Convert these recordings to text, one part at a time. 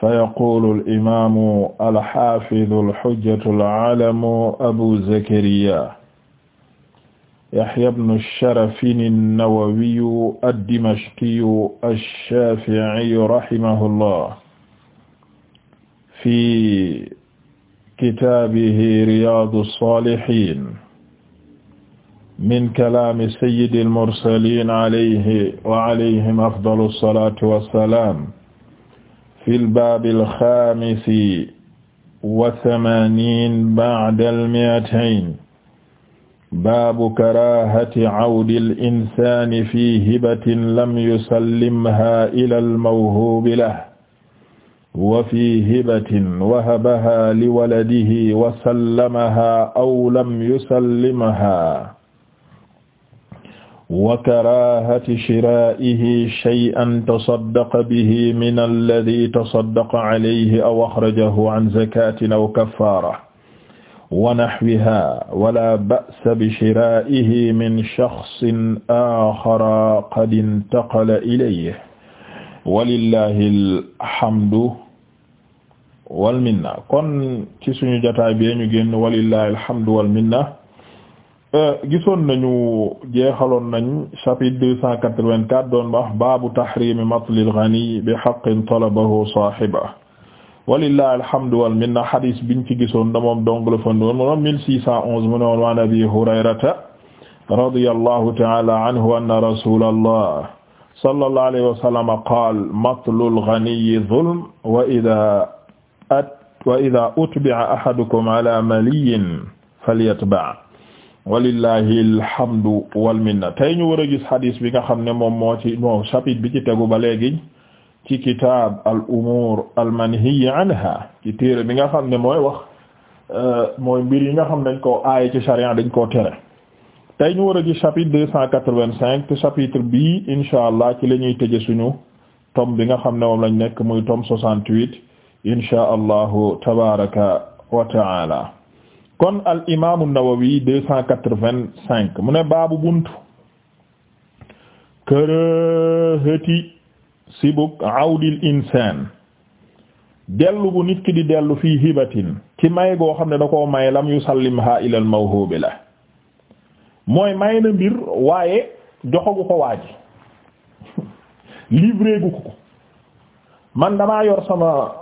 فيقول الإمام الحافظ الحجة العالم أبو زكريا يحيى بن الشرف النووي الدمشقي الشافعي رحمه الله في كتابه رياض الصالحين من كلام سيد المرسلين عليه وعليهم أفضل الصلاة والسلام fil baabil xaamisi wa samaaniin ba'dal mi'atayn baabu karaahati cawdil insaani fi hibatin lam yusallimhaa ilal mawhuubi lahu wa fi hibatin wahabahaa liwaladihi wa sallamahaa aw lam yusallimhaa wa karaahati shiraa'ihi shay'an tasaddaqa bihi min alladhii tasaddaqa alayhi aw akhrajahu an zakaatin aw kaffaara wa nahwihaa wala ba'sa bi shiraa'ihi min shakhsin aakhara qad intaqala ilayhi walillaahil hamdu wal minna kon ci suñu jotaay bi ñu génn walillaahil hamdu wal minna Euh, gisoon nañu jeexaloon nañ chapitre deux cent quatre-vingt-quatre doon wax baabu tahrimi matlil ghani bi haqqin talabahu saahibahu walillahi alhamdu wal minna hadis biñ ci gisoon da moom dong la fandwoon monoon mille six cent onze mu ne woon waan abi hurayrata radiyallahu ta'ala anhu anna rasulallah sallallahu alayhi wa sallam qaala matlul ghaniyi zulm wa idha at wa idha utbi'a ahadukum ala maliyyin falyatba' walillahi alhamdu wal minna tey ñu war a gis hadis bi nga xam ne moom moo ci moom chapitre bi ci tegu ba léegi ci kitaab al umur al manhiyi anha ci téere bi nga xam ne mooy wax euh, mooy mbir yi nga xam dañ ko aaye ci sharia dañ koo tere tey ñu war a gis chapitre deux cent cinq te chapitre bii insha allah ci la ñuy tëje suñu tome bi nga xam ne moom lañ nekk muy tome soixante-huit insha allahu tabaraka wa taala kon al imaamu Nawawi deux cent mu ne baabu buntu kërëhëti sibuk awdil insaan dellu bu nit ki di dellu fi hibatin ci may goo xam ne da koo may lam yusallimha ilal mawhubi la mooy may na mbir waaye joxagu ko waa ji gu ko man damaa yor sama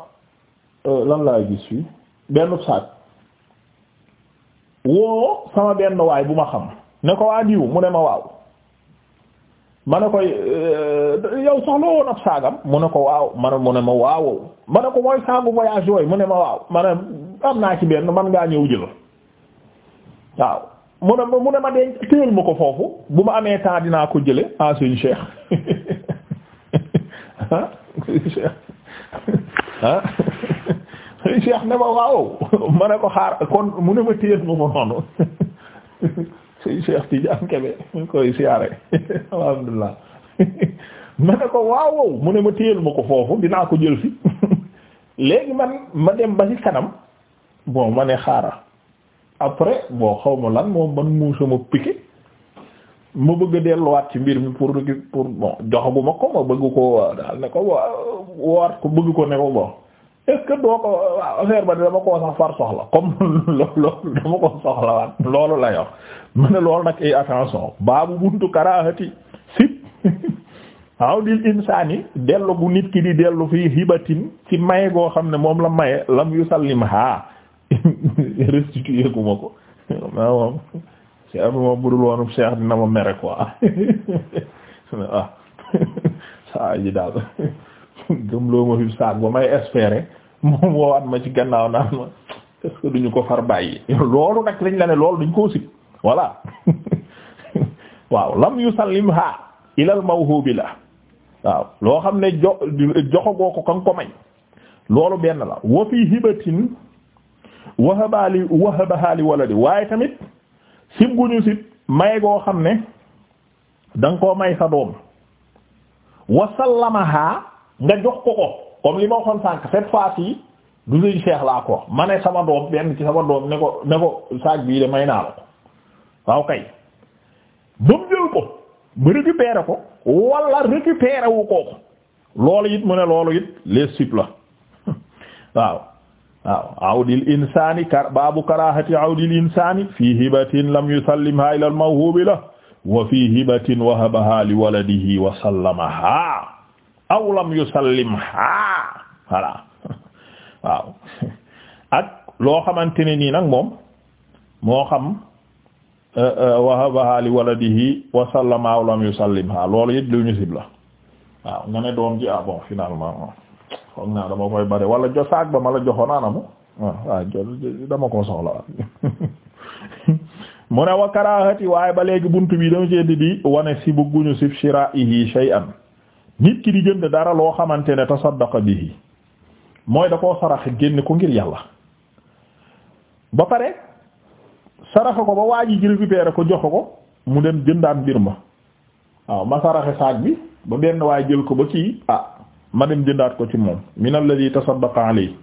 euh, lan laa gis fii benn saak woo sama benn waay bu ma xam ne ko waa diw mu ne ma waaw ma ne koy eh, yow soxla woon saagam mu ne ko waaw ma ne mu ne ma waaw ma ne ko mooy saagu voyage yooyu mu ne ma waaw ma am naa ci benn man ngaa ñëw jël waaw mu ne mu ne ma denc téyel ma ko foofu bu ma amee temps dinaa ko jële en suñu cheikh ah suñu Cheikh ne ma waaw ma ne ko xaar kon mu ne ma téyel ma ma noonu si Cheikh Tidiane Kébé ñu koy siyaare alhamdulilah ma ne ko waaw mu ne ma téyel ma ko foofu dinaa ko jël si léegi man ma dem ba ci kanam bon ma ne xaaral après bon xaw ma lan moom man mu sama piqué ma bëgg a delluwaat ci mbir mi pour pour bon joxaguma ko ma bëgg ko daal ne ko wa waat ko bëgg ko ne ko bon. est-ce que doo ko affaire ba dama koo sax far soxla comme loolu dama ko soxla waat loolu la yor mu ne loolu nag ay eh, attention baabu buntu karaahati sip aw dil insaani dellu bu nit ki di dellu fii hibatin ci maye goo xam ne moom la maye lam yu sallim haa restitué ku ma moom cheikh bi moom budul woonub cheikh dina ma mere quoi ah. saa yi daal gëmloo ma fi saag ba may espérer moom woowaat ma ci gannaaw naan ma est-ce que duñu ko far bàyyi loolu nag lañ la ne loolu duñ koo sib voilà waaw lam yusallimha ilal mawhubi la waaw loo xam ne jo joxagoo ko kan ko may loolu benn la wa fi hibatin wahabaali wahabahaali waladi waaye tamit sib guñu sib may goo xam ne da nga koo may sa doom wasallamaha nga jox ko ko comme li ma waxoon sànq cette fois-ci du luy seex laa ko ma ne sama doom benn ci sama doom ne ko ne ko saag bii de may naa la ko waaw kay ba mu jël ko ba récupérer ko wala récupérer wu ko loolu it mu ne loolu it les sup la waaw waaw awdil insani kar baabu karahati awdil insani fi hibatin lam yusallimha ila al mawhubi la wa fi hibatin wahabaha li waladihi wa sallamaha awlam lam yusallim haa voilà waaw ak loo xamante ne nii nag moom moo xam euh, euh, wahabaha li waladihi wa sallama aw lam yusallim haa loolu it lu ñu sib la waaw nga ne doom ji ah bon finalement foog naa dama koy bare wala jo saag ba ma la joxoon anamu ah, ah, waaw waaw dama ko soxla mu ne wa karahati waaye ba léegi bunt bi dama cee di di wane si bugguñu sib shiraihi shay'an nit ki di jënd dara loo xamante ne tasaddaqa bihi mooy da koo saraxe génn ko ngir yàlla ba pare saraxe ko ba waa ji récupéré ko jox ko mu dem jëndaat mbir ma waaw ma saraxe saag bi ba benn waaye jël ko ba kii ah ma dem jëndaat ko ci moom min alladhi tasaddaqa alayhi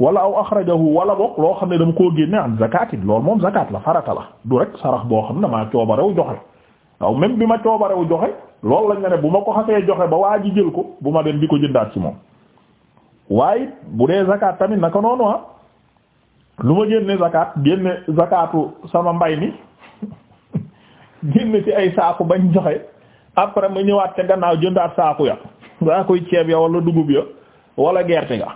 wala aw axrajahu wala bokk loo xam ne dama koo génne am zakatin loolu moom zakat la farata la du rek sarax boo xam ne maa coobarew joxe waaw même bi ma coobarewu joxe loolu lañ la ne bu ma ko xasee joxe ba waa ji jël ko bu ma dem di ko jëndaat si moom waaye bu dee zakat tamit naka noonu ah lu ma génne zakat génne zakatu sama mbay mi génne ci ay saaku bañ joxe après ma ñëwaat te gannaaw jëndaat saaku ya saakuy ceeb ya wala dugub ya wala gerte ga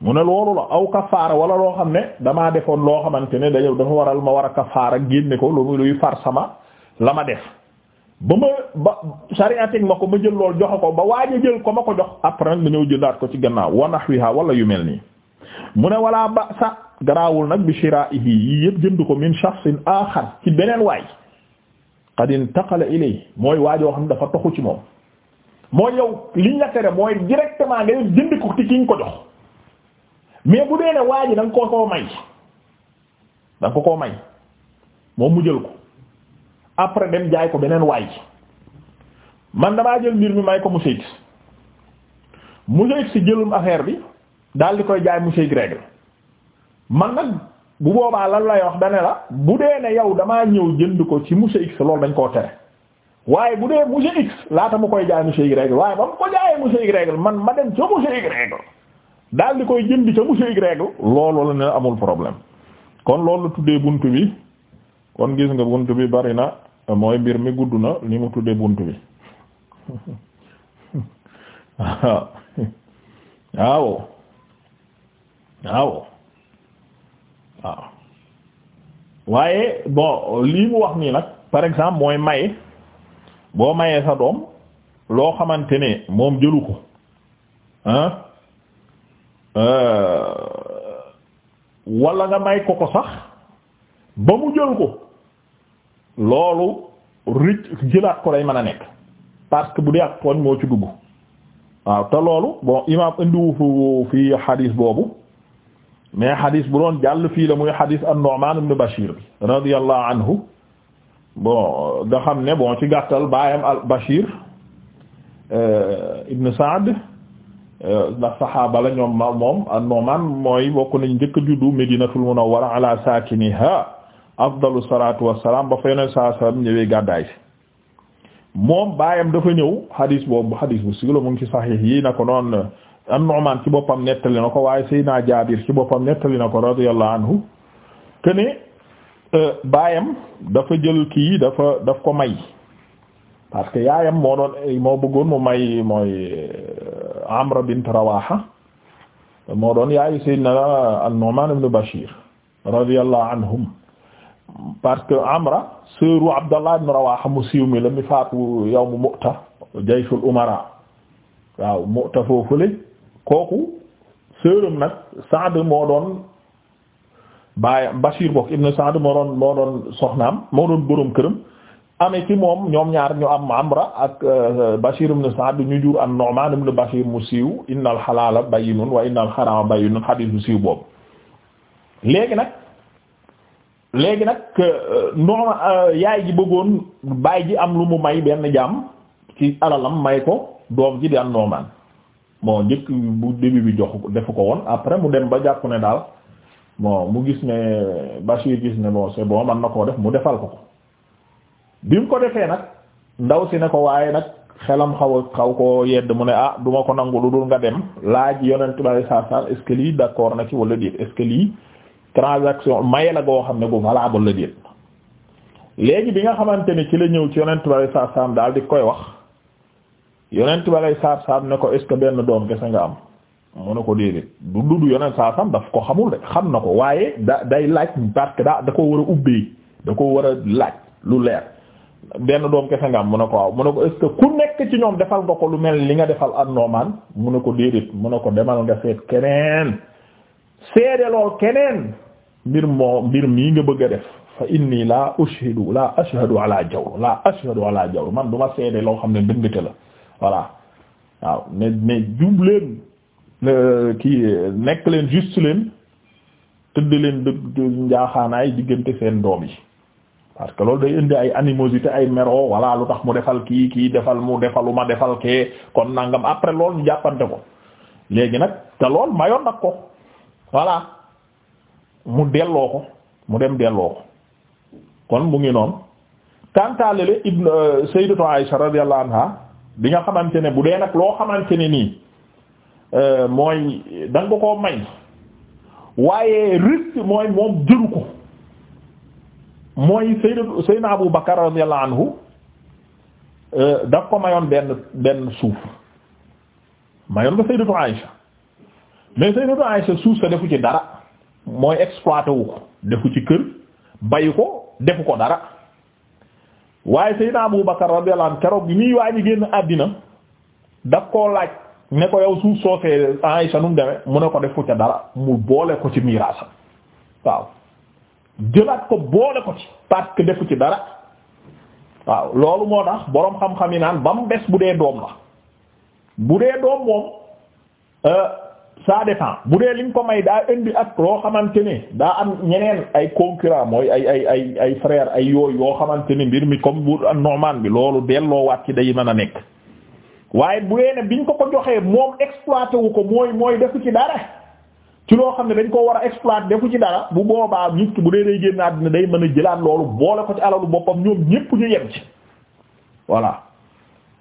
mu ne loolu la aw kafaara wala loo xam ne damaa defoon loo xamante ne dañu dafa waral ma war a kafaara génne ko lu muy luy far la ma def ba ma ba sariya teg ma ko ma jël lool joxe ko ba waaja jël ko ma ko jox après nag ma ñëw jëndaat ko ci gannaaw wa nahwiha wala yu mel nii mu ne wala ba sa garaawul nag bi shira'ihi yi yëpp jënd ko min shakhsin akhar ci beneen waay qad intaqala ilay mooy waajoo xam dafa toxu ci moom mooy yow liñ la tere mooy directement nga jënd ko ci ki nga ko jox mais bu dee ne waa ji da nga ko koo may da koo may moom mu jël ko après dem jaay ko beneen waay ji man damaa jël mbir mi may ko monsieur X monsieur X si jëlum affaire bi daal di koy jaay monsieur Y man nag bu boobaa lan lay wax dane la bu dee ne yow damaa ñëw jënd ko ci monsieur X loolu dañ koo tere waaye bu dee monsieur X laata mu koy jaay monsieur Y waaye ba mu ko jaayee monsieur Y man ma dem ca monsieur Y daal di koy jënd ca monsieur Y loolu la ne amul problème kon loolu tuddee bunt bi kon gis nga buntu bi bari na Euh, mooy mbir mi gudd na li mu tudde bunt bi waaw waaw waaw waaye bon lii mu wax nii nag par exemple mooy maye boo mayee sa doom loo xamante ne moom jëlu ko ah wala nga may ko ko sax ba mu jël ko loolu rëcc jëlaat ko lay mën a nekk parce que bu dee ak moo ci dugg waaw te loolu bon imaam indiwu fi xadiis boobu mais xadiis bu doon jàll fii la muy xadiis an-Nu'man ibn Bashir bi radiyallahu anhu bon nga xam ne bon ci gàttal baayam al-Bashir euh, ibn Sa'd euh, ndax saxaaba la ñoom moom an-Nu'man mooy bokk nañ njëkk juddu Madinatul Munawwara ala saakiniha afdalu salatu wassalam ba fa yoneen salai sallam ñëwee gàddaay moom baayam dafa ñëw hadis boobu hadis bu siglo mu ngi ci sahih yi na ko noonu a Nu'man ci boppam nettali na ko waaye Seydina Jaabir ci boppam nettali na ko radiyallahu anhu que euh, baayam dafa jël kii dafa daf ko may parce que yaayam moo doon moo bëggoon mu may mooy euh, Amra bint Rawaha moo doon yaayu Seydina an-Nu'man ibn Bashir radiyallahu anhum parce que Amra sœuru Abdallah ibn Rawaha mu siiw mi la mi faatu yawmu Mu'ta jayshul umara waaw Mu'ta foofule kooku sœuram nag Saad moo doon baayam Bashir bokk ibn Saad moo doon moo doon soxnaam moo doon boroom këram amee ci moom ñoom ñaar ñu am Amra ak euh, Bashir ibn Saad ñu jur an Nu'man ibn Bashir mu siiw innal halaala bayyinun wa innal haraama bayyinun hadiis siiw boobu léegi nag léegi nag euh, non euh, yaay ji bëggoon baay ji am lu mu may benn jaam ci alalam may ko doom ji di am noomaan moo njëkk bu début bi jox defu ko woon après mu dem ba jàpp ne daal moo mu gis ne Bachir gis ne bon c'est bon man na koo def mu defal ko ko bim ko defee nag ndaw si ne ko waaye nag xelam xaw a xaw koo yedd mu ne ah duma ko nangu lu dul nga dem laaj yonent bi sallallahu alayhi wasallam lii d'accord na ci wala déet est lii transaction maye la goo xam ne bu valable la déet léegi bi nga xamante ni ci la ñëw ci yonent balay saar saam daal di koy wax yonent balay saar saam ne ko est-ce que benn doom kese nga am mu ne ko déedéet du dudd yonent saar saam daf ko xamul de xam na ko waaye da day laaj parce que daa da ko war a ubbee da ko war a laaj lu leer benn doom kese nga am mun ne ko waaw mu ne ko est ku nekk ci ñoom defal nga ko lu mel ni li nga defal an noomaan mun ne ko déedéet mu ne ko demal nga seet keneen mbir moo mbir mii nga bëgg a def fa inni laa ushhidu laa ashhadu laa ashhadu ala jawr man du ma seede loo xam ne te la voilà waaw ne ne jub kii nekk leen juste leen tëdd leen dëgg njaaxaanaay diggante seen doom yi parce que loolu day indi ay animosité ay mero walla lu tax mu defal kii kii defal mu defaluma defal kee kon nangam après loolu ñu jàppante ko léegi nag te lool mayoon nag ko mu delloo ko mu dem delloo ko kon mu ngi noonu kantaalele ibn euh, sayyidatu Aisha radiyallahu anha bi nga xamante ne bu dee nag loo xamante ne nii euh, mooy da ko koo may waaye risque mooy moom jëru ko mooy sayyidatu sayyidna Abu Bakar radiyallahu anhu euh, daf ko mayoon benn benn suuf mayoon ko sayyidatu Aisha mais sayyidatu Aisha suuf sa defu ci dara mooy exploité wu ko defu ci kër bayu ko defu ko dara waaye Seydina Abu Bakar radiyallahu anhu keroog bi muy waaji génn àddina daf koo laaj ne ko yow suuf soosee Aisha nu mu demee mu ne ko defu ca dara mu boole ko ci miraasam waaw jëlaat ko boole ko ci parce que defu ci dara waaw loolu moo tax boroom xam-xam yi naan ba mu bes bu dee doom la bu dee doom moom euh, saa dépend bu dee liñ ko may daa indi ak loo xamante ne daa am ñeneen ay concurrent mooy ay ay ay ay frère ay yooyu yoo xamante ne mbir mi comme bu normal bi loolu delloowaat ci day mën a nekk waaye bu dee ne biñ ko ko joxee moom exploité wu ko mooy mooy defu ci dara ci loo xam ne dañ ko war a exploité defu ci dara bu boobaa nit ki bu dee day génn na day mën a jëlaat loolu boole ko ci alalu boppam ñoom ñépp ñu yem ci voilà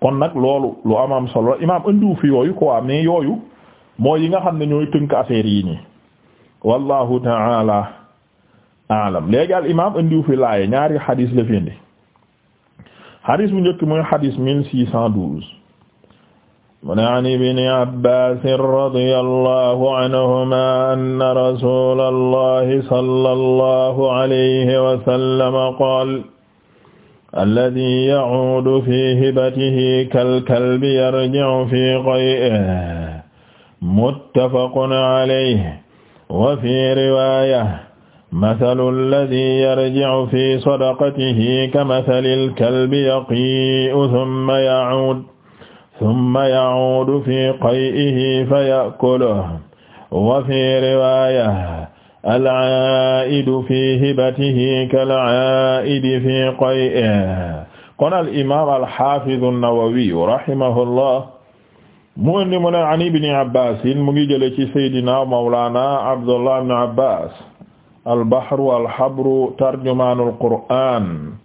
kon nag loolu lu am am solo imaam indiwu fi yooyu quoi yooyu. mooy yi nga xam ne ñooy tënk affaire yi nii wallahu taala alam léegi al imam indiw fi laaye ñaari xadis la fi indi xadis bu njëkk mooy xadis mille six cent douze mu ne an ibni abbasin radiyallahu anhuma anna rasulallahi sallallahu alayhi wa sallam qaala alladhi ya'uudu fi hibatihi kal kalbi yarji'u fi qay'ihi muttafaqun alayhi wa fi riwaya mathalu alladi yarji'u fi sadaqatihi kamathali alkalbi yaqii'u thumma ya'uud thumma ya'uudu fi qay'ihi faya'kuluhu wa fi riwaya al'aa'idu fi hibatihi kal'aa'idi fi qay'ihi qaala al-imaam al-haafiz an-nawawi rahimahullah mu indi mu ne an ibni mu ngi jële ci saydina mawlana abdullah ibni abbas albahru walhabru tarjumanu alquran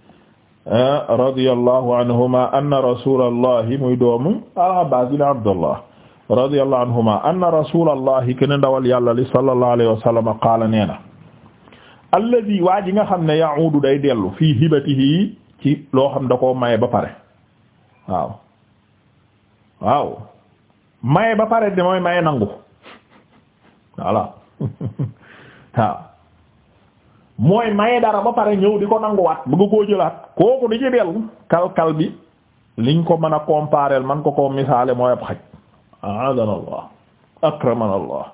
radiyallahu anhuma anna rasulallahi muy doomu alabbas ibni abdullah radiyallahu anhuma anna rasulallahi kene ndawal yàlla li sallallahu alayhi sallam qaala nee na alladi waa ji nga xam ne ya'udu day dellu fii hibatihi ci loo xam da koo maye ba pare waaw maye ba pare de mooy maye nangu voilà waaw mooy maye dara ba pare ñëw di ko nanguwaat bëgg koo jëlaat kooku di ci dellu kalkal bi liñ ko mën a comparer man ko ko misaale mooy ab xaj aadana allah akramana allah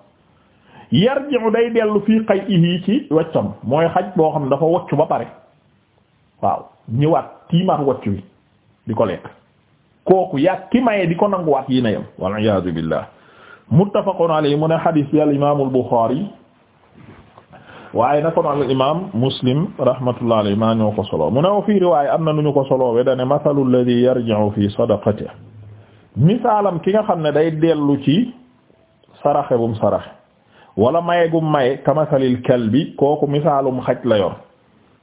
yarji'u day dellu fii qay'ihi ci waccam mooy xaj boo xam dafa waccu ba pare waaw ñëwaat tiimaat waccu wi di ko lekk kooku yàgg ki di ko nanguwaat yi na yem wal iyaazu billah muttafaqun alayhi mu ne xadiis bi al imaam al Buxaari waaye na ko noonu al imaam Muslim rahmatullahi alayhi maa ko solo mu ne wa fii riwaaya am na nu ñu ko solo we dane mathalu alladhi yarji'u fi sadaqatihi misaalam ki nga xam ne day dellu ci saraxe bum saraxe wala maye gum ka kamathalil kalbi kooku misaalum xaj la yor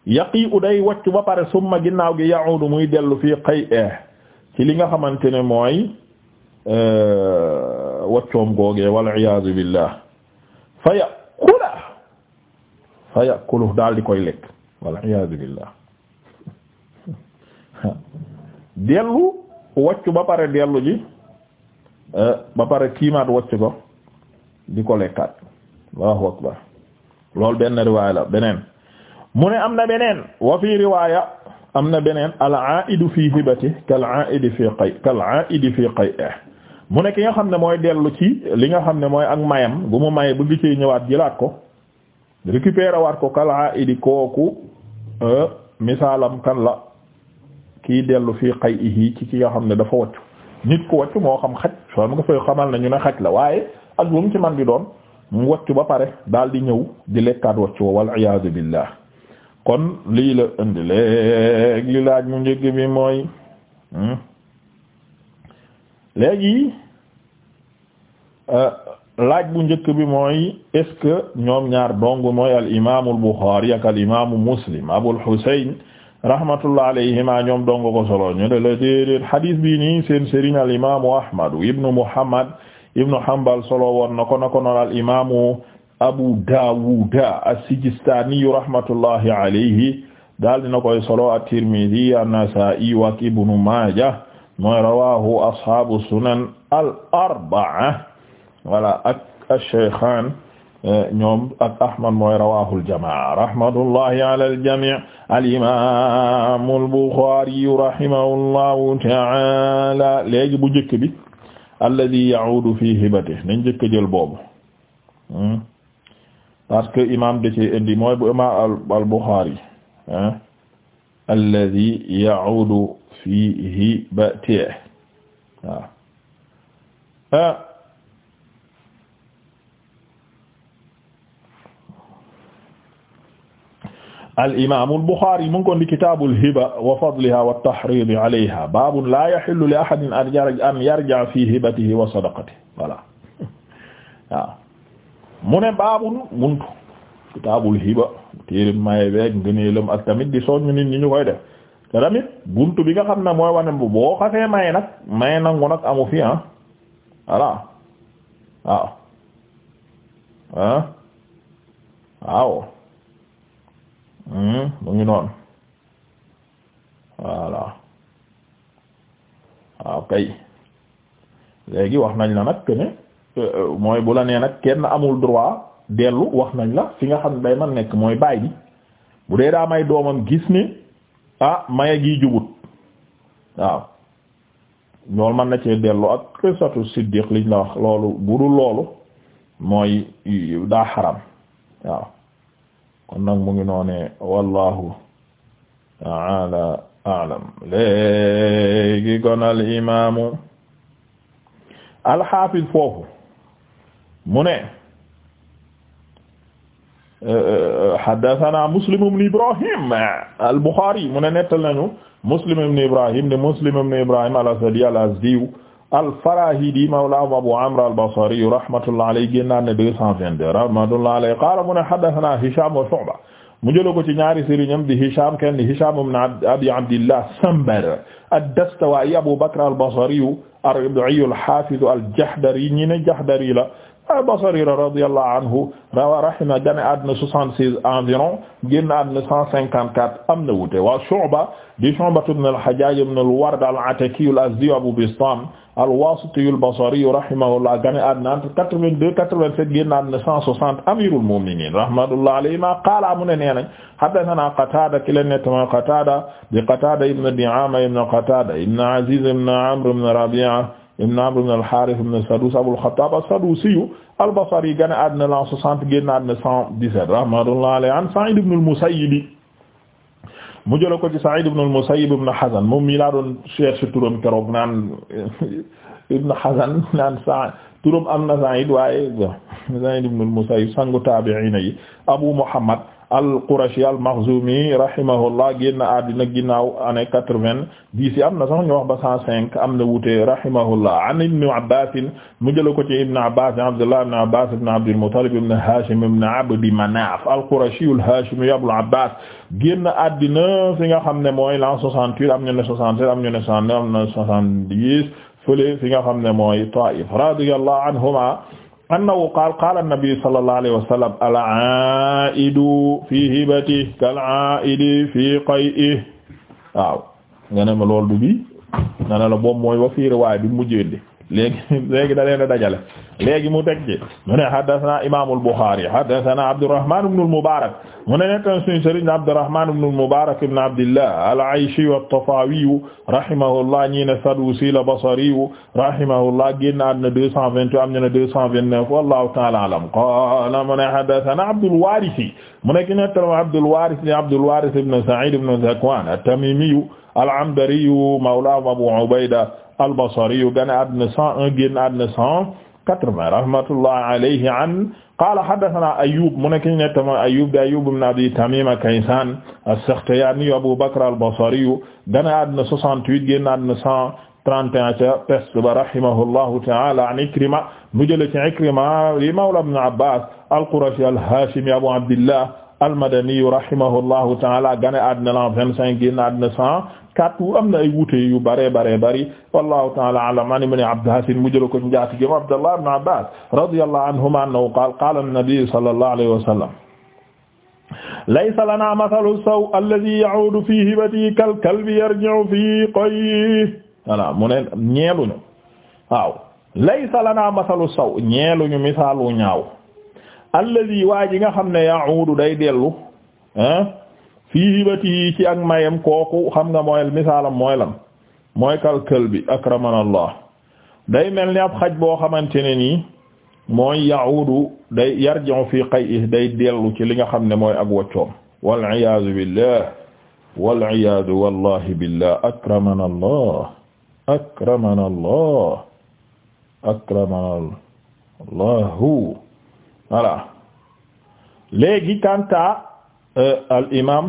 yaqi u day waccu ba pare summa ginnaaw gi ya'udu muy dellu fii qay'ihi eh, ci li nga xamante ne mooy euh, waccoom googee wal iyaazu billah fa yakula fa yakulu daal di koy lekk wal iyaazu billah dellu waccu ba pare dellu ji euh, ba pare kiimaat waccu ko di ko lekkaat allahu akbar loolu benn riwaaya la beneen mu ne am na beneen wa fi riwaaya am na beneen al aidu fi hibati kal aidi fi qay kal aidi fi qay mu ne ki nga xam ne mooy dellu ci li nga xam ne mooy ak mayam bu mu maye bëgg ci ñëwaat jëlaat ko récupérer waat ko kal aidi kooku e, misaalam kan la kii dellu fii qay ihi ci ki nga xam ne dafa waccu nit ku waccu moo xam xaj soo mu nga fay xamal na ñu ne xaj la waaye ak lu mu ci man di doon mu waccu ba pare daal di ñëw di lekkaat waccu wal iyaazu billah kon lii la indi laaj mu njëkk bi mooy hmm? léegi euh, laaj mu njëkk bi mooy est-ce que ñoom ñaar dong mooy al imaamu al Buxaari ak al imaamu Muslim Abul Husayn rahmatullah alayhima ñoom dong ko solo ñu ne la déedéet hadis bi nii seen sëriñ al imaamu Ahmad ibnu Muhammad ibnu Hanbal solo woon ko na ko noon al imaamu Abu Dawud as-Sijistani rahmatullahi alayhi daal dina koy solo at-Tirmidhi an-Nasa'i wa Ibnu Maaja mooy rawahu ashabu sunan al-arba'a wala ak ash-shaykhan ñoom ak Ahmad mooy rawahu al-jama'a rahmatullahi ala al-jami' al-imam al-Bukhari rahimahullahu ta'ala léegi bu njëkk bi alladhi ya'udu fi hibatihi nañ njëkk jël boobu hmm? parce que imam da ci indi mooy bu imam al-Bukhari alladi ya'udu fi hibatihi waaw ah. al imaamul Buxaari mu ngi ko ndi kitaabul hiba wa fadliha wa tahriidi alayha baabun laa yahillu li ahadin an yarja'a fi hibatihi wa sadaqatihi voilà mu ne baabul muntu kitaabul hiba téerim maye beeg ngëneelam ak tamit di soññ nit ñi ñu koy def tamit buntu bi nga xam ne mooy wane bu boo xasee maye nag maye nangu nag amu fi ah voilà waaw ah waaw hmm, mu ngi noonu voilà waaw kay léegi wax nañ la nag que Euh, mooy bu la nee nag kenn amul droit dellu wax nañ la fi nga xam ne day man nekk mooy baay bi bu dee daa may doomam gis ni ah maya gi jubut waaw loolu man na cee dellu ak qisatu siddiq liñ la wax loolu budul loolu mooy daa xaram waaw kon nag mu ngi noonee wallahu ta'ala a'lam léegi kon al imaamu al foofu mu ne eh, eh, eh, haddathana muslim ibn ibrahim al-Bukhari mu ne nettal nañu muslim ibn ibrahim de muslim ibn ibrahim al-Asadi al-Azdi al-Farahidi mawlahum abu Amr al-Basri rahmatullah alayhi génnaan ne deux cent vingt-deux rahmatullah alayhi qaala mu ne haddathana Hisham wa Shu'ba mu jëlo ko ci ñaari sëriñam di Hisham kenn di Hisham ibn Abi Abdillah Sambar ad-Dastuwaa'i Abu Bakr al-Basri ar-Rib'i al-Hafiz al-Jahdari ñi ne Jahdari la al-Basri radiyallahu anhu rawa rahima gane àdduna 76 environ génn àdduna 154 am na wuute waa Shu'ba di Shu'ba ibn al-Hajjaj ibn al-Ward al-Ataki al-Azdi Abu Bistam al-Wasiti al-Basri rahimahullah gane àdduna 82 87 génn àdduna 160 amirul mu'minin rahmatullahi alayhi ma qaala mu ne nee nañ haddathana Qatada ki leen nettama Qatada di Qatada ibn Di'ama ibn Qatada ibn Aziz ibn Amr ibn Rabi'a ibn Amr ibn al-Harith ibn Sadus Abul Khattab as-Sadusi al-Basri gane àddina l'an 60 génn àddina 117 rahmatullahi alayhi an Sa'id ibn al-Musayyib mu jëla ko ci Sa'id ibn al-Musayyib ibn Hazan moom mii sa turam am na Sa'id waaye Sa'id ibn al-Musayyib sangu tabi'ina yi Abu Muhammad al-Qurashi al-Makhzumi rahimahullah génn àddina ginnaaw année quatre-vingt-dix yi am na sax ñu wax ba cent cinq am na wuute rahimahullah an Ibn Abbas mu jël ko ci Ibn Abbas Abdullah ibn Abbas ibn Abdul Muttalib ibn Hashim ibn Abdi Manaf al-Qurashi al-Hashimi Abul Abbas génn àddina fi nga xam ne mooy l'an soixante-huit am ñu ne soixante-sept am ñu ne soixante-neuf am na soixante-dix fële fi nga xam ne mooy Taif radiyallahu anhuma annahu qaala qaala an-nabi sallallahu alayhi wa sallam al-aa'idu fii hibatihi kal-aa'idi fii qay'ihi waaw nga ne ma loolu du bi na ne la boobu mooy wa fii riwaaya bi mujjee léegi léegi da leen a dajale léegi mu teg ci mu ne haddathana imaamul Bukhari haddathana Abdurrahman ibn al-Mubarak mu ne nekk suñu sëriñ Abdurrahman ibn al-Mubarak ibn Abdillah al-Ayshi at-Tafawi rahimahullah ñi ne Sadusi la Basri rahimahullah génn na 228 am na 229 wallahu ta'ala a'lam qala mu ne haddathana Abdul Warith mu ne ki nettal Abdul Warith ni Abdul Warith ibn Sa'id ibn Zakwan at-Tamimi al-Anbari mawla Abu Ubayda al-Basri yu gane àddina 101 génn àddina 180 rahmatullah alayhi an qaala haddathana Ayyub mu nekk ñu ne tamit Ayyub di Ayyub ibn Abi Tamima Kaysan as-Sakhtiyani Abu Bakr al-Basri yu gane àddina 68 génn àddina 131 ca peste ba rahimahullahu ta'ala an Ikrima mu jële ci Ikrima li mawla ibn Abbas al-Qurashi al-Hashimi Abu Abdillah al-Madani rahimahullahu ta'ala gane àddina 25 génn àddina kàttu am na ay wuute yu bare bare bari wallahu ta'ala a'lam an ibn Abbas mu jëla ko njaati gëm Abdallah ibn Abbas radiyallahu anhuma annahu qaala qaala an-nabi sallallahu alayhi wa sallam laysa lana mathalu as-saw alladhi ya'udu fi hibatihi kal-kalbi yarji'u fi qayhi voilà mu ne ñeeluñu waaw laysa lana mathalu as-saw ñeeluñu misaalu ñaaw alladhi waa ji nga xam ne ya'udu day dellu ah fii hibati ci ak mayam kooku xam nga mooy misaalam mooy lan mooy kalkël bi akramanallah day mel ni ab xaj boo xamante ne nii mooy yaudu day yarji'u fi qay'ihi day dellu ci li nga xam ne mooy ak waccoom wal iyaadu billah wal iyaadu wallahi billah akramanallah akramanallah kanta Euh, al imam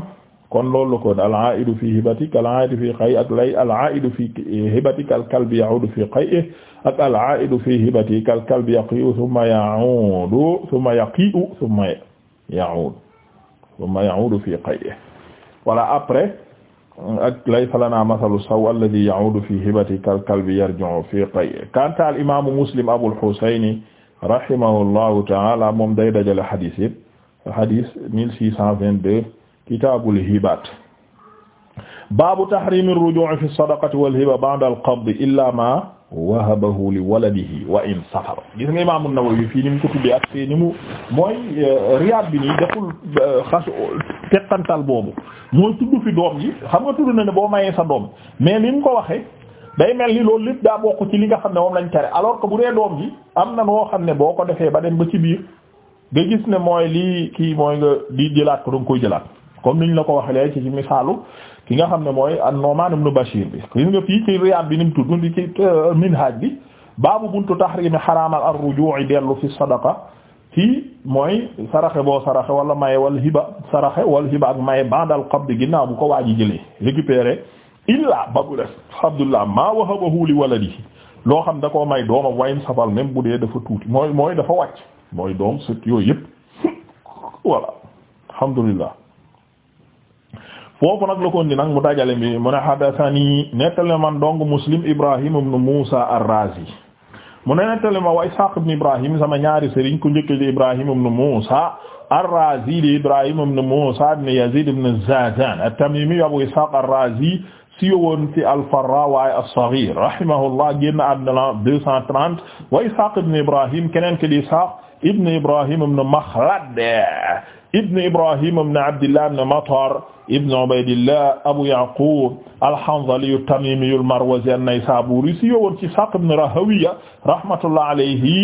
kon loolu la kon al aidu fi hibatik al aidu fi xay ak lay al aidu fi hibatik al kalbi ya'udu fi xay ak al aidu fi hibatik al kalbi yaqiu thumma ya'udu thumma yaqiu thumma ya'udu thumma ya'udu fi xay voilà après ak lay falana masalu saw alladhi ya'udu fi hibatika al kalbi yarji'u fi qay kanta al imam muslim abul husayn rahimahullahu ta'ala moom day dajale hadith hadis 1622 kitabul hibat baabu tahrimi rujuu fi sadaqati wal hiba ba'da al qabdi illa ma wahabahu li waladihi wa in safar gis nga imaamu Nawawi fii ni mu ko ak fee ni mu mooy euh, riyaad bi nii deful euh, xas teqantal boobu mooy tudd fi doom ji xam nga tudd na ne boo mayee sa doom mais ni mu ko waxee day mel ni loolu lépp daa bokk ci li nga xam ne moom lañ tere alors que bu dee doom ji am na noo xam ne boo ko defee ba dem ba ci biir da gis ne mooy lii kii mooy nga di jëlaat ko da nga koy jëlaat ni ñu la ko waxee léegi ci misaalu ki nga xam ne mooy an-Nu'man ibn Bashir bi gis nga fii ci Riyad bi ni mu tudd ci euh, minhaj bi baabu buntu tahrimi xaraamal ar-ruju'i dellu fi sadaqa fii mooy saraxe boo saraxe wala maye wal hiba saraxe wal hiba ak maye ba'dal qabd ginnaaw bu ko waaji jëlee récupérer illaa ba bu def Abdullah maa wahabahu li di loo xam da koo may doomam wayn safal même bu dee dafa tuuti mooy mooy dafa wàcc mooy doom yooyu yëpp voilà alhamdulillah foofu nag la ko ni nag mu dajale bi mu ne hadathani nettale man dong muslim ibrahim ibn musa ar-razi mu ne nettale ma wa ishaq ibn ibrahim sama ñaari sëriñ njëkk di ibrahim ibn musa ar-razi di ibrahim ibn musa ibn yazid ibn zazan at-tamimi abu ishaq ar si yowoon ci al-Farra waaye as-Saghir rahimahullah génn àdduna wa Ishaq ibn Ibrahim keneen ki Ishaq ibn Ibrahim ibn Makhlad ibn Ibrahim ibn Abdillah ibn Matar ibn Ubaydillah Abu Yaqub al-Hanzali at-Tamimi al-Marwazi an-Naysaburi si yowoon ci Ishaq ibn Rahawiya rahmatullah alayhi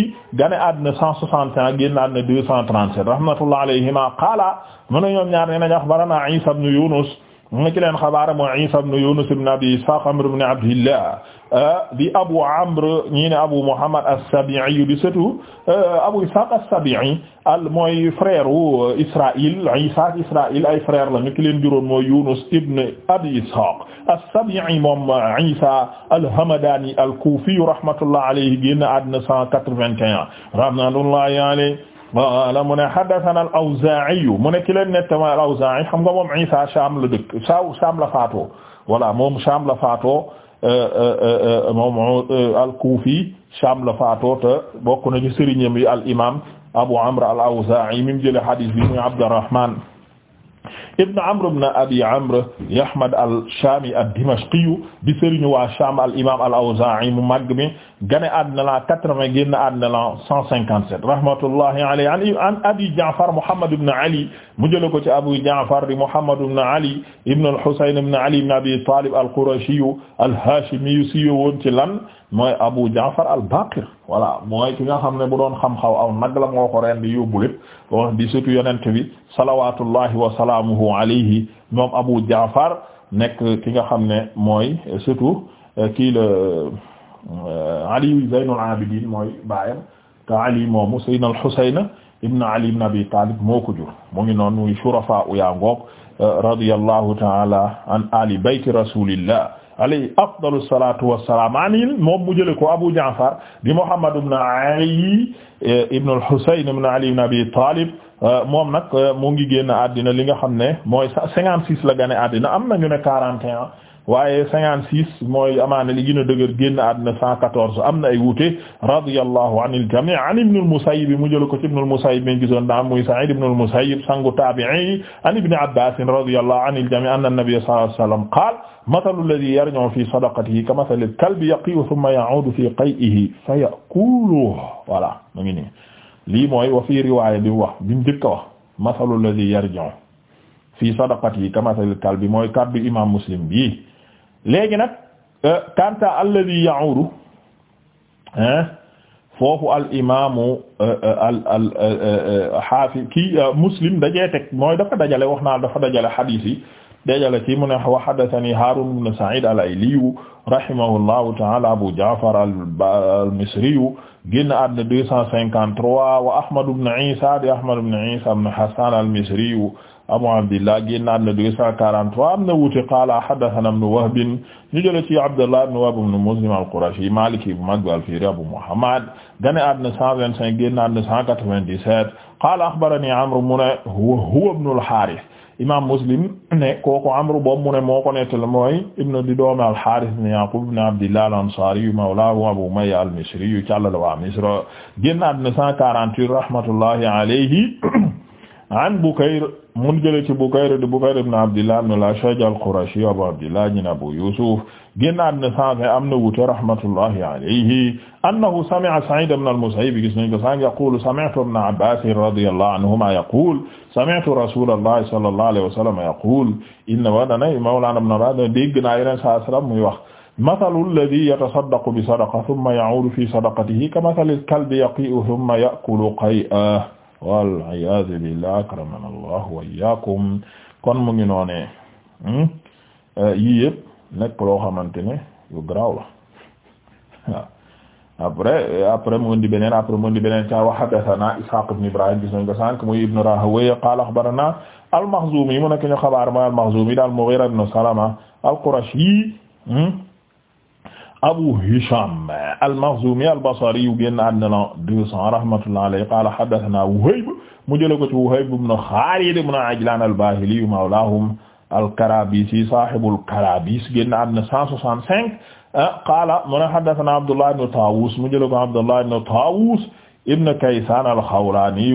gane àddina 161 génn àddina 237 rahmatullah alayhima qaala mu ne ñoom ñaar ne nañ akhbarana Isa ibn Yunus mu ne ki leen xabaar mooy Isa ibn Yunus ibn Abi Ishaq Amr ibn Abdillah Euh, di Abu Amr ñii ne Abu Muhammad as-Sabi'i di sëtu euh, Abu Ishaq as-Sabi'i al mooy frère u euh, Israa'il Isa Israa'il ay frère lañu ki leen juróon mooy Yunus ibn Abi Ishaq as-Sabi'i moom Isa al-Hamadani al-Kufi rahmatullah alayhi génn àddina cent quatre-vingt-un rahmatullahi alayhi wala mu ne haddathana al-Awzaa'i mu ne ki leen nettama al-Awzaa'i xam nga moom Isa Sham la dëkk Sham la faatoo voilà moom Sham la faatoo Euh, euh, euh, moom al-Kufi Sham la faatoo te bokk na ci sëriñam yi al imaam Abu Amr al-Awzaa'i mi jëlee hadith bi muy Abdurrahman ibn Amr ibn Abi Amr Yahmad al-Shami ad-Dimashqi di sëriñu waa Sham al imaam al-Awzaa'i mu màgg mi. gane àddina la quatre-vingt génn àddina la cent cinquante-sept rahmatullahi alayhi an abi Ja'far Muhammad ibn Ali mu jële ko ci Abu Ja'far di Muhammad ibn Ali ibn al-Husayn ibn Ali ibn Abi Talib al-Qurashi al-Hashimi siyo woon ci lan mooy Abu Ja'far al wala voilà mooy ki nga xam ne bu doon xam xaw aw nag la moo ko ren di yóbbu lépp wax di surtout yonent bi salawatullahi wa salaamuhu alayhi moom Abu Ja'far nekk ki nga xam ne mooy surtout eh, kii la Euh, ali Zaynul Abidin mooy baayam te Ali moomu Sayyidina al-Husayn ibn Ali ibn Abi Talib moo ko jur mu ngi noonu muy shurafa u yaa ngoog euh, radiyallahu ta'ala an ali bayti rasulillah alayhi afdalu salatu wassalam anil moom mu jële ko Abu Ja'far di Muhammad ibn Ali euh, ibn al-Husayn ibn Ali ibn Abi Talib moom nag mu ngi génn àddina li nga xam ne mooy cinquante six la gane àddina am nañu ne quarante et un waaye cinquante six mooy amaana li gën a dëgër génn àddina cent quatorze am na ay wuute radiyallahu anil jami' an ibn al-Musayyib mu jël ko ci ibn al-Musayyib mi gisoon naam muy Sa'id ibn al-Musayyib sangu taabi'i an ibn Abbas radiyallahu anil jami' anna an-nabiy sallallahu alayhi wasallam qaala mathalu alladhi yarji'u fi sadaqatihi ka mathali al-kalbi yaqi'u thumma ya'udu fi qay'ihi fa ya'kuluhu voilà mu ngi nii lii mooy wa fi riwaaya bi wax bi mu njëkk a wax mathalu alladhi yarji'u fi sadaqatihi ka mathali al-kalbi mooy kaddu imam Muslim bi léegi nag kanta euh, alladhi ya'udu foofu al imaamu euh, euh, al al xaafi kii muslim dajee teg mooy dafa dajale wax naa dafa dajale xadiis yi dajale ci mu ne wa haddathanii Haarun ibn Sa'iid al-Ayliyu rahimahullahu ta'aala Abu Ja'far al-Misriyu génn àdduna deux cent cinquante trois wa Ahmad ibn Iisaa di Ahmad ibn Iisaa ibn Hassaan al-Misriyu abu abdillah génnaat na 243 am na wuute qaala haddathana ibnu Wahb ñu jëlee ci Abdullah ibnu Wahb ibnu Muslim al-Qurashi Maliki bu mag al-Fihri Abu Muhammad gane àddina 125 génnaat na 197 qaala akhbarani Amr mu ne huwa ibnu al-Harith imam Muslim ne kooku Amr boobu mu ne moo ko nettali mooy ibnu di doomu al-Harith ibnu Yaqub ibnu Abdillah al-Ansari mawlaahu Abu Umayya al-Misri yu càllale waa Misra génnaat na 148 rahmatullahi alayhi an Bukayr mun jële ci Bukayr di Bukayr ibn Abdillah ibn al-Ashaj al-Qurashi Abu Abdillah ibn Abu Yusuf génnaat na cent vingt am na wuute rahmatullahi alayhi annahu sami'a Sa'id ibn al-Musayyib gis nañ ko sànq yaqulu sami'tu ibn Abbas radiyallahu anhuma yaqul sami'tu rasulallahi sallallahu alayhi wa sallam yaqul inna wa dana mawlana ibn Abbas dégg naa yeneen saa salaam muy wax mathalu alladhi yatasaddaqu bi sadaqa thumma ya'udu fi sadaqatihi kamathali al-kalbi yaqi'u thumma ya'kulu qay'ahu wal iyaazu billah akramana allah wa iyyakum kon mu ngi noonee hmm? eh, yii yëpp nekk loo xamante ne yu garaaw la waaw après après mu indi beneen après mu indi beneen ca wa haddathana Ishaq ibn Ibrahim gis nañ ko sànq muy ibn Rahawayh qala akhbarana al-Makhzumi mu nekk ñu xabaar ma al-Makhzumi daal Mughira ibn Salama al-Qurashi hmm? Abu Hisham al-Makhzumi al-Basri yu génn àddina la 200 rahmatullahi alayhi qala haddathana Wuhayb mu jëlee ko ci Wuhayb ibn Khalid ibn Ajlan al-Bahili mawlahum al-Karabisi sahibul Karabis génn àddina 165 ah, qala mu ne haddathana Abdullah ibn Tawus mu jëlee ko Abdullah ibn Tawus ibn Kaysan al-Khawlani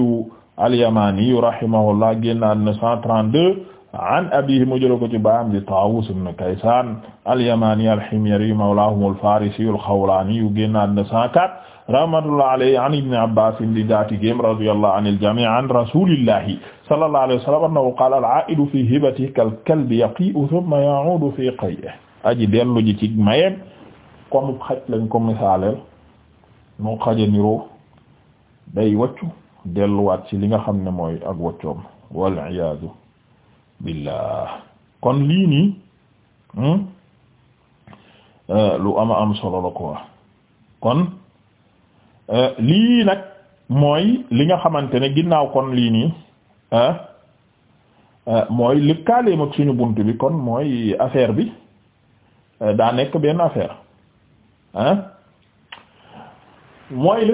al-Yamani rahimahullah génn àddina 132 an abiihi mu jëloon ko ci baam di Taawus ibn Kaysaan al-Yamaani al-Himyari mawlaahum al-Faarisi al-Xawlaani génnaat na 104 rahmatullahi alayhi an Ibn Abbaas di jaatigéem radiyallahu anil jamii' an rasuulillahi sallallahu alayhi wa sallam annahu qaala al-aa'idu fii hibatihi kal-kalbi yaqii'u thumma ya'uudu fii qay'ihi aji dellu ji ci mayeem comme xaj lañ ko misaaleel mu xaja niroo day wàccu delluwaat ci li nga xam ne mooy ak wàccoom wal-iyaadu billah kon lii nii hmm, eh, lu ama am solo la quoi kon eh, lii nag mooy li nga xamante ne ginnaaw kon lii nii eh, mooy li kaaleem ak suñu bunt bi kon mooy affaire bi daa nekk benn affaire ah mooy li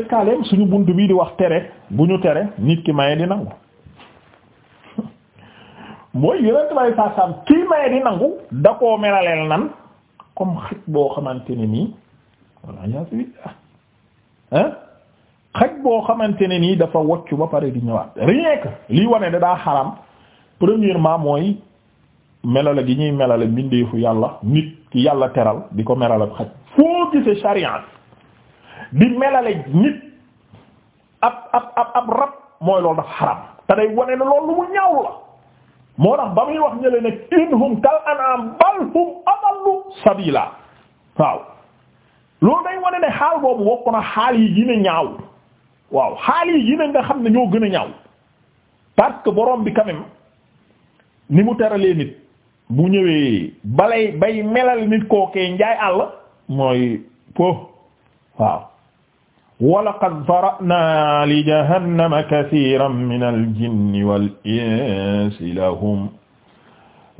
suñu bunt bi di wax tere bu ñu tere nit ki maye di nangu mooy yonent bay saasaam kii maye di nangu da koo melaleel nan comme xaj boo xamante ne nii walla yasubillah hein xaj boo xamante ne nii dafa wocc ba pare di ñëwaat rien lii wone da daa xaram premièrement mooy melale gi ñuy melale mbindeefu yàlla nit yàlla teral di ko melale xaj foo gise sharia di melale nit ab ab ab ab rab mooy loolu dafa xaram te day wane ne loolu mu ñaaw la moo tax ba muy wax ñële ne inhum kal an'am bal hum adallu sabila waaw loolu day wane ne xaal boobu wokk na xaal yi gën a ñaaw waaw xaal yi gën a nga xam ne ñoo gën a ñaaw parce que borom bi quand ni mu teralee nit bu ñëwee balay bay melal nit kookee njaay àll mooy po waaw walaqad zara'naa li jahannama kasiiran minal jinni wal insi lahum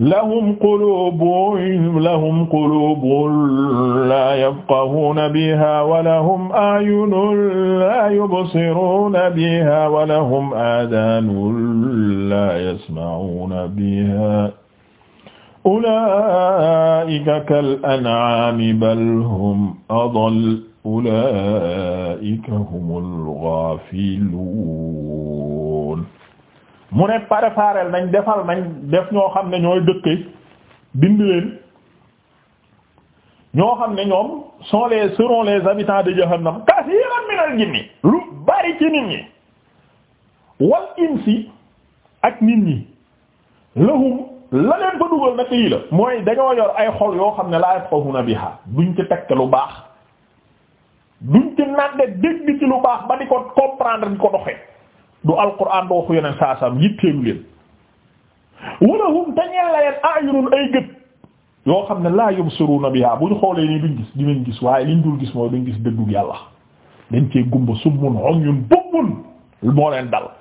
lahum quluubun lahum quluubun laa yafqahuuna bihaa wa lahum a'yunun laa yubsiruuna bihaa wa lahum aadaanun laa yasma'uuna bihaa ulaa'ika kal an'aami bal hum adall ulaika humul ghafiluun mu ne préparel nañ defal nañ def ñoo xam ne ñooy dëkke dindi leen ñoo xam ne ñoom sont les seront les habitants de jahannam kasiiran minal jinni lu bari ci nit ñi wal insi ak nit ñi lahum la leen ba dugal nag lii la mooy dañoo yor ay xol yoo xam ne laa yafqahuna biha duñ ci tekk lu baax duñ ci nande dégg ci lu baax ba di ko comprendre di ko doxee du alquran doo ko yeneen saasam yitteelu leen wala hum tañeel la leen ayunun ay gët yoo xam ne laa yubsiruna biha bu ñu xoolee nii duñ gis dinañ gis waaye liñ dul gis mooy duñ gis dëddug yàlla dañ cee gumba summun umyun bukmun moo leen dal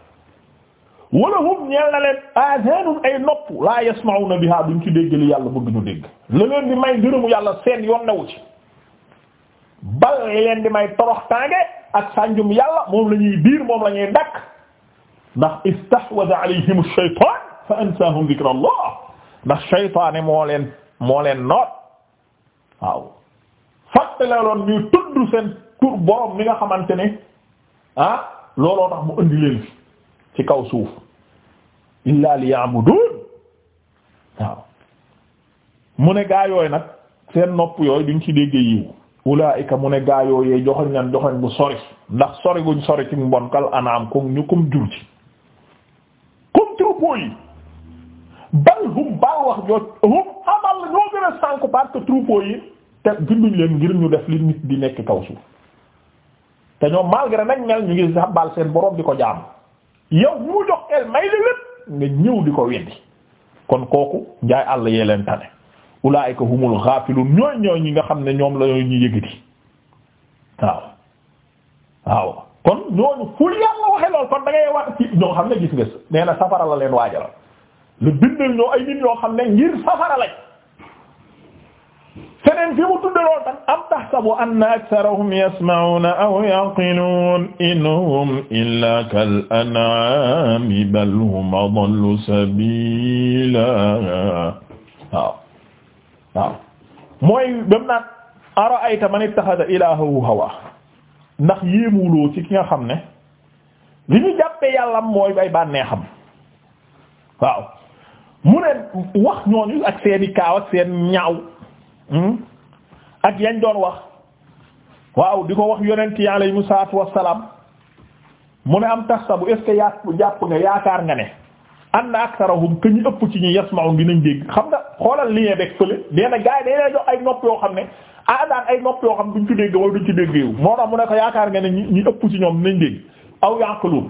wala hum ñeel na leen azanun ay nopp laa yasma'una biha duñ ci dégg li yàlla bëgg ñu dégg la leen may gërëmu yàlla seen yoon newu ci bal li leen di may torox tànge ak sànjum yàlla moom lañuy biir moom la ñuy dakk ndax istahwada alayhim ash fa ansahum dhikra ndax shaytaane moo leen moo leen noot waaw fàttaleloon ñuy tudd seen tur borom mi nga xamante ne ah looloo tax mu indi leen ci kaw suuf illa liya'budun waaw mu ne gaa yooyu nag seen nopp yooyu duñ ci dégg yiw ulaa'ika mu ne gaayoo yee joxoñ ñan joxoñ bu sori ndax sori guñ sori ci mbonkal anaam comme ñu comme jur ci comme troupeau yi bal hum baa wax jooj hum amal la ñoo ñu def nekk kaw suuf te ñoom seen borom di ko jaam yow mu jox el may la lépp nga ñëw di ko weddi kon kooku njaay àll yee leen tane ulaa'ika humul nga xam ne ñoom la ñu yëgati waaw waaw kon ñooñu kon da ngay wax ci ñoo xam ne gis nga nee na safara la leen waajalal lu bindal ñoo ay nit ñoo ne ngir safara lañ feneen fi mu tudde lool tan am tahsabu anna aktharahum yasma'una aw yaqiluun innahum illa kal an'aami bal hum adallu sabila waaw mooy bam naan ara'ayta man ittakhadha ilaahahu hawa ndax yéemuloo ci ki nga xam ne li ñu jàppee yàlla mooy bay bànneexam waaw mu ne wax ñooñu ak seeni kaaw ak seen ñaaw hmm? ak yañ doon wax waaw di ko wax yonent yi alayhimu salaatu wassalaam mu ne am tax sabu est-ce que yaa nga yaakaar nga ne ann aktharahum que ñu ëpp ci ñi yasma'u nañ dégg xam nga xoolal lien beeg fële nee na gars day lay jox ay nopp yoo xam ne adaan ah ay nopp yoo xam duñ ci dégg wala duñ ci dégg moo tax ko yaakaar ne ñi ëpp ci ñoom dinañ dégg aw yaqulun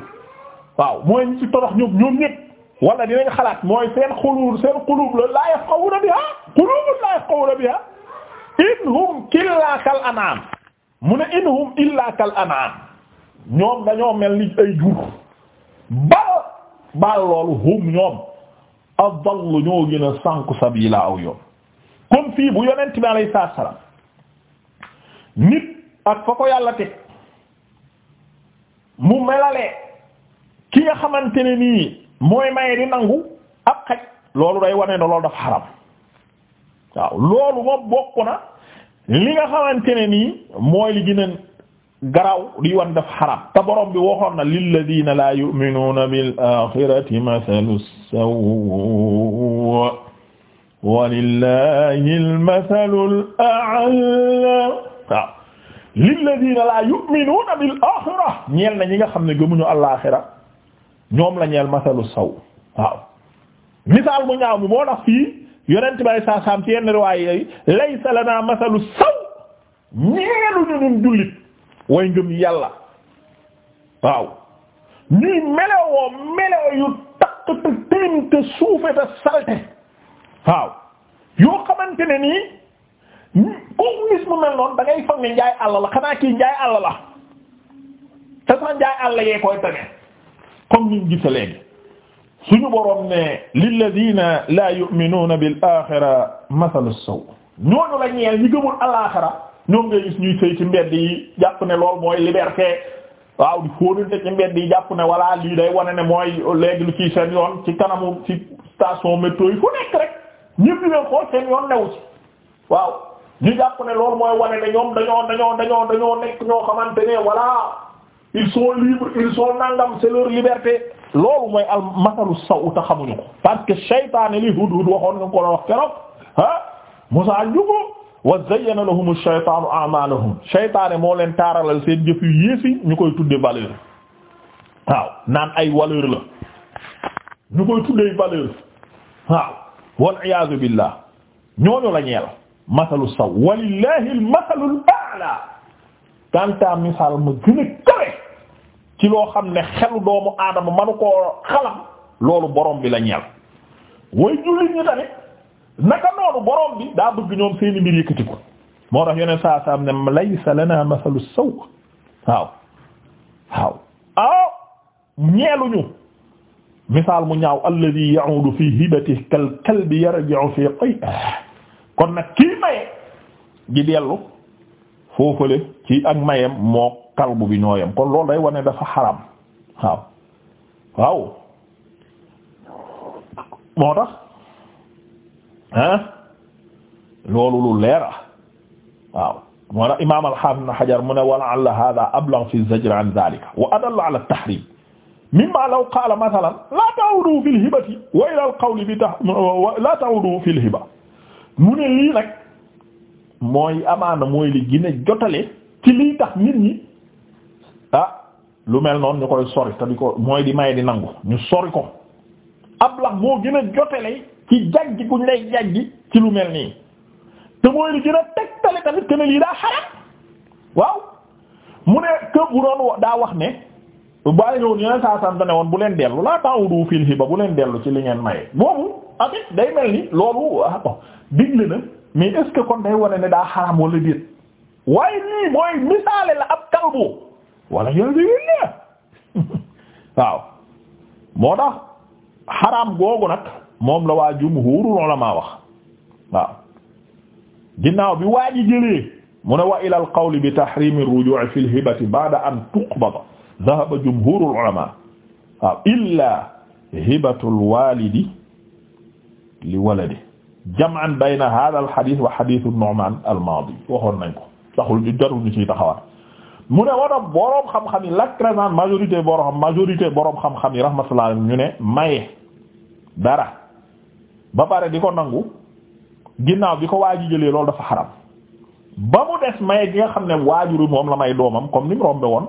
waaw mooy ñi ci torox ñoom ñoom ñëpp wala dinañ xalaat mooy seen xuluur seen xuluub la la yafqahuna biha qulubun in hum illa kal an'am mu ne in hum illa kal an'am ñoom dañoo mel ni ay jur ba baal loolu hum ñoom adallu ñoo gën a sànku sabila aw yoon comme fii bu yonent bi alayhi salaam nit ak fa ko yàlla teg mu melale ki nga xamante ne nii mooy maye di nangu ab xaj loolu day wane ne loolu dafa xaram waaw loolu moom bokk na li nga xamante ne nii mooy li gën garaaw di wan def xaram te borom bi waxoon na lilladina la yu'minuna bil axirati masalu saw walillahi almasalul a'la waaw lilladina la yu'minuna bil axira ñeel na ñi nga xam ne gëmuñu al'axira ñoom la ñeel masalu saw waaw misaal mu ñaaw mi moo tax fii yonent bay saa saam ci yenn riwaay yi laysa lana masalu saw ñeeluñu ñun jullit way ngëm yàlla waaw ñuy melewoo melewo yu takk te téem te suufe te salte waaw yoo xamante ne nii ku mu mel noonu da ngay njaay àll la xanaa kii njaay àll la te njaay àll yee koy tane comme niñ gisa léegi suñu boroom ne lilladina la yu'minuna bil axira mathalu saw ñooñu la ñeel ñi gëmul al ñoom ngay gis ñuy sëy ci mbedd yi jàpp ne lool mooy liberté waaw di fóonante ci mbedd yi jàpp ne voilà lii day wane ne mooy léegi lu ciy seen yoon ci kanamu ci station métro yi fu nekk rek ñëpp ñu leen xool yoon new ci waaw ñu jàpp ne loolu mooy wane ne ñoom dañoo dañoo dañoo dañoo nekk ñoo xamante ne voilà il sont libres ils sont nangam c'est leur loolu mooy al masalu saw ta xamuñu ko parce que seytaane li hudhud waxoon nga ko la wax keroog ah Musaa ñu wa zayyana lahum ash-shaytaanu a'maalahum shaytaane moo leen taaralal seen jëf yu yéesi ñu koy tuddee valeur waaw naan ay valeur la ñu koy tuddee valeur waaw wal iyaazu billah ñooñu la ñeel masalu saw walillahi al-masalul a'la kanta misaal ma gën a ci loo xam ne xelu doomu aadama manu koo xalam loolu borom bi la ñeel way jullit ñi tamit naka noonu borom bi daa bëgg ñoom seeni mbir yëkkati ko moo tax yeneen saa saa ne laysa lana masalu saw waaw waaw aw ah, ñeeluñu misaal mu ñaaw alladhi ya'udu fi hibatihi kal kalbi yarji'u fi qay'ihi kon nag kii maye gi dellu foofale ci ak mayem moo kalbu bi ñooyam kon loolu day wane dafa xaram waaw moo tax ah loolu lu leera waaw moo tax imaam al-Haafiz Ibn Hajar mu ne wa la'alla haadha ablagh fi zajr an dhaalika wa ala at-tahriim mimmaa law qaala mathalan wa ilaa al-qawli bi laa ta'uudu fil hiba mu ne lii mooy amaana mooy li gën jotale ci lii tax nit ah lu mel noonu ñu koy sori te di ko mooy di may di nangu ñu sori ko moo gën jotale ci jaggi guñ lay jaggi ci lu mel nii te mooy li gën a tegtale tamit que ne lii daa xaram waaw mu ne que doon daa wax ne baa ñëw yeneen saa sant ne woon bu leen dellu laa ta'udu fil hiba bu leen dellu ci li ngeen maye. boobu en fait day mel ni loolu ah digle na mais est kon day wane ne daa xaram wala déet waaye lii mooy misaale la ab kalbu wala yéen a waaw moo tax xaram googu nag. moom la waa jumhuurul ulamaa wax waaw ginnaaw bi waa ji jëlee mu ne wa ilal qawli bi tahrimi rujuu'i fil hibati ba'da an tuqbada dhahaba jumhuurul ulamaa waaw illaa hibatul waalidi li waladi jam'an bayna haadhal hadiis wa hadiisu Nu'maan al-maadi waxoon nañ ko taxul ñu jarul ñu ciy taxawaat mu ne wala boroom xam-xam yi l'écrasante majorité boroom majorité boroom xam-xam yi rahmatullah ñu ne maye dara. ba pare di ko nangu ginnaaw bi ko waaji jëlee loolu dafa xaram ba mu des may gi nga xam ne waajuru moom la may doomam comme ni mu rombe woon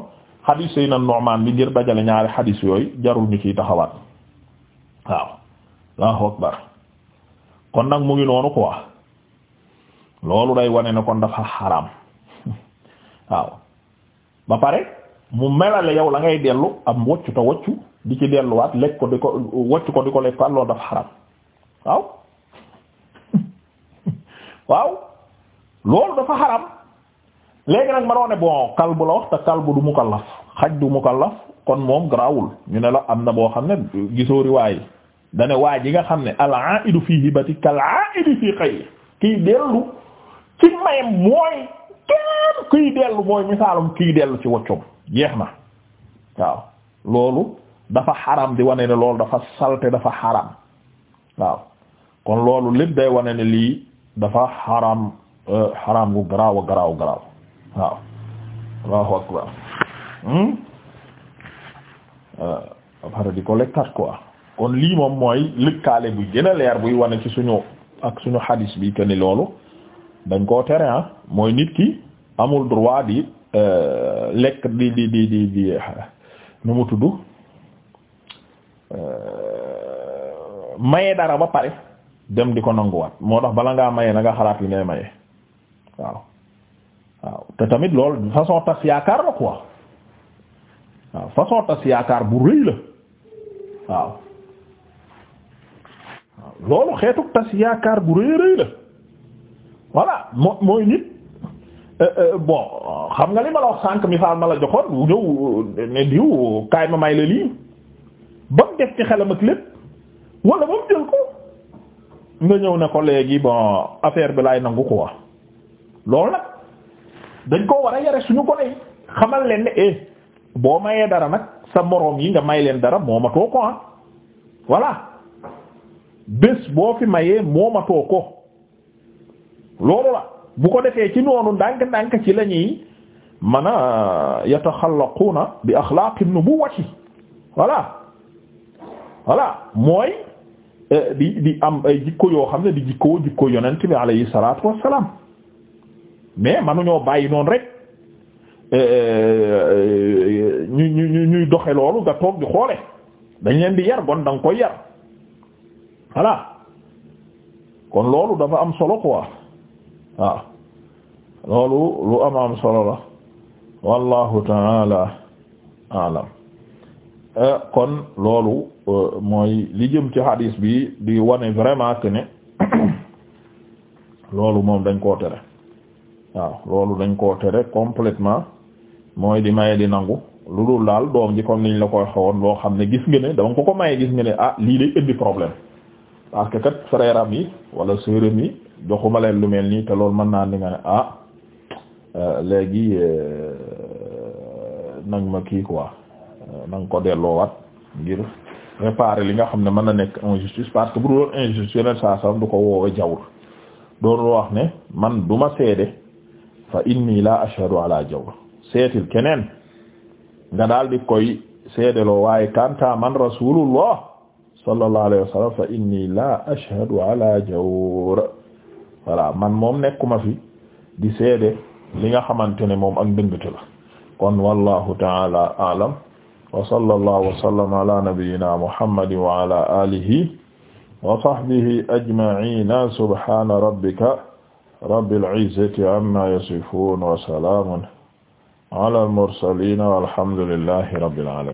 xadiis yi na Nu'man bi ngir dajale ñaari xadiis yooyu jarul ñu taxawaat waaw nag mu ngi noonu quoi loolu day wane ne kon dafa xaram waaw ba pare mu melale yow la ngay dellu am woccu te woccu di ci delluwaat lekk ko di ko woccu ko di ko lekkaat loolu dafa xaram waaw waaw loolu dafa xaram léegi nag ma doon ne bon kalbu la wax te kalbu du mukallaf xaj du mukallaf kon moom garaawul ñu ne la am na boo xam ne gisoo riwaay dane waa ji nga xam ne al aidu fii hibati kal aidu fii xëy kiy dellu ci mayam mooy kenn kiy dellu mooy misaalum kiy dellu ci woccom jeex na waaw loolu dafa xaram di wane ne loolu dafa salte dafa xaram waaw kon loolu lépp day wane ne lii dafa xaraam euh, xaram gu garaaw a garaaw garaaw waaw allahu akbar hmm? euh, après di ko lekkat quoi kon lii moom mooy lëkkaale bu gën a leer buy wane ci suñu ak suñu xadis bi que loolu dañ koo tere ah. mooy nit ki amul droit di euh, lekk di di di di di nu mu tudd maye dara ba pare dem di ko nanguwaat moo tax bala ngaa maye nanga nga xalaat li ngay maye waaw waaw te tamit loolu façon tas yaakaar la quoi waaw façon tas yaakaar bu rëy la waaw loolu xeetu tas yaakaar bu rëy rëy la voilà moo mooy nit euh, euh, bon xam nga li ma la wax sànq mi ma la joxoon bu ñëw euh, ne diw kaay ma may la lii ba mu def ci xelam ak lépp wala ba mu jël ko nga ñëw ne ko léegi bon affaire bi laay nangu ko wax loolu nag dañ ko war a yare suñu ko lay xamal leen ne eh boo mayee dara nag sa moroom yi nga may leen dara moomatoo ko ah voilà bés boo fi mayee moomatoo ko loolu la bu ko defee ci noonu ndànk-ndànk ci lañuy ñuy mën a euh, yataxallaquuna bi axlaaqin nubuwwati voilà voilà mooy Euh, di di am ay jikko yoo xam ne di jikko jikko yonent bi alayhi salaatu wassalaam mais manuñoo bàyyi noonu rek euh, ñu ñu ñuy doxe loolu nga di xoole dañ leen di yar kon da nga koy yar voilà kon loolu dafa am solo quoi waaw loolu lu am am solo la wallahu taala alam Euh, kon loolu euh, mooy li jëm ci hadis bi di wane vraiment que ne loolu moom dañ koo tere waaw loolu dañ koo tere complètement mooy di maye di nangu lu dul daal doom ji comme niñ la koy xawoon loo xam ne gis nga ne danga ko ko maye gis nga ne ah lii day indi problème parce que kat frère yi wala sœur am yi joxuma leen lu mel nii te loolu mën naa ni nga ne ah euh, léegi nag ma kii quoi nang nga ko delloowaat ngir réparer li nga xam ne mën na nekk injustice parce que bu doon injustice yeneen du ko woowee jawr doon wax ne man du ma seede fa inni la ashhadu ala jawr seetil keneen nga daal di koy seedeloo waaye kanta man rasulullah sallallahu alayhi wa fa inni la ashhadu ala jawr voilà man moom nekkuma fi di seede li nga xamante ne moom ak ndëngte kon wallahu taala alam wa sallallahu wa sallama ala nabiyyina muhammadin wa ala alihi wa sahbihi ajma'ina subhana rabbika rabbil izzati amma yasifun wa salamun ala al mursalin walhamdulillahi rabbil alamin